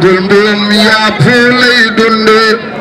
dundin yaa fi lay dundee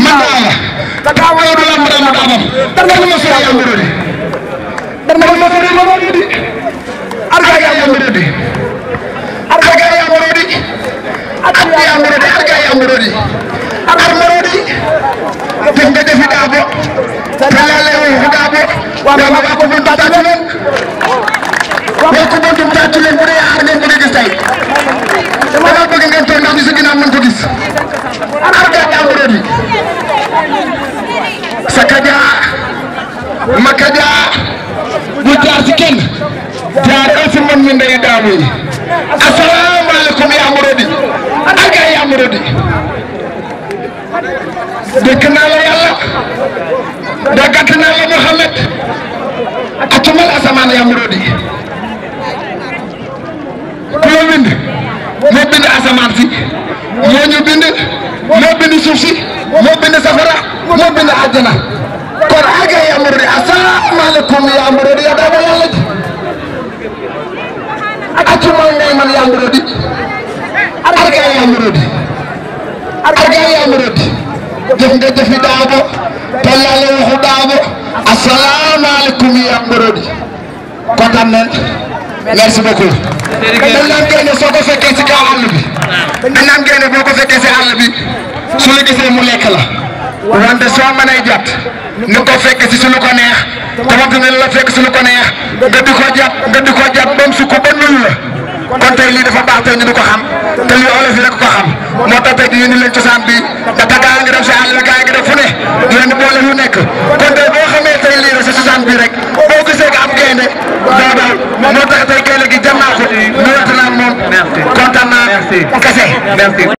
Mandala. Kaka ma sori am mbir mi. di. Arga yaa am mbir di. Arga yaa di. Arga yaa di. Arga yaa di. Arga defi daabo. Talale wu fi daabo. Wa ma ba ko bul baatu leen. Wa ko bul baatu leen bu dee aar ngeen ko gis ngeen toog si ginnaaw mën gis. Arga yaa di. sa kajaa ma kajaa bu jaar ci kenn jaaral si man mi ndey daamu yi asalaamaaleykum yaa Marodi ak ay yaa Marodi dëkk naa la yàlla daggat naa la Muhammad atumal asamaan yaa Marodi ku la bind moo bind asamaan si moo ñu bind moo bind suuf si. àjjana kon aga ya murid asalaamaaleykum ya murid ya dama yàlla ji accu mooy ngay man ya murid aga ya murid aga ya murid jëf nga jëfi daabo tollaale waxu daabo asalaamaaleykum ya murid kontaan nañ merci beaucoup. dañ naan génne soo ko fekkee si kaw àll bi dañ naan génne boo ko fekkee si àll bi su la gisee mu lekk la. wante soo mënee jot nga ko fekk si suñu ko neex tamit nga la fekk suñu ko neex nga di ko jàpp nga di ko jàpp ba mu sukk ba nul la kon tey lii dafa baax tey ñu di ko xam te lii olof gaa ngi dem fu ne di leen boole lu nekk tey boo xamee tey lii rek cosaan bi rek boo gisee nga am gaynde daa daal moo tax tey gaynde gi jam naa ko ñu waxtaan ak moom kontaan naa kese.